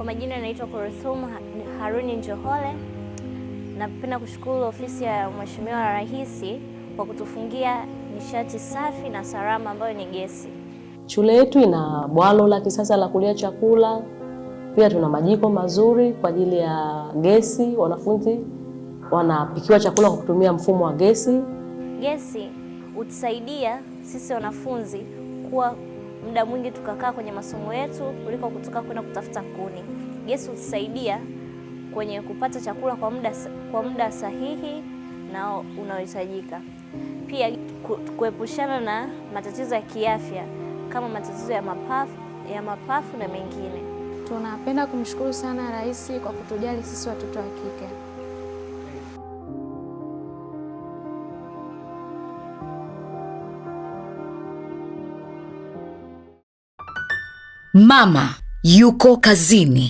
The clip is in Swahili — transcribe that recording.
Kwa majina naitwa Kuruthum Haruni Njohole. Napenda kushukuru ofisi ya Mheshimiwa Rais kwa kutufungia nishati safi na salama ambayo ni gesi. Shule yetu ina bwalo la kisasa la kulia chakula, pia tuna majiko mazuri kwa ajili ya gesi. Wanafunzi wanapikiwa chakula kwa kutumia mfumo wa gesi. Gesi hutusaidia sisi wanafunzi kuwa muda mwingi tukakaa kwenye masomo yetu kuliko kutoka kwenda kutafuta kuni. Yesu utusaidia kwenye kupata chakula kwa muda, kwa muda sahihi na unaohitajika, pia kuepushana na matatizo ya kiafya kama matatizo ya mapafu, ya mapafu na mengine. Tunapenda kumshukuru sana Rais kwa kutujali sisi watoto wa kike. Mama yuko kazini.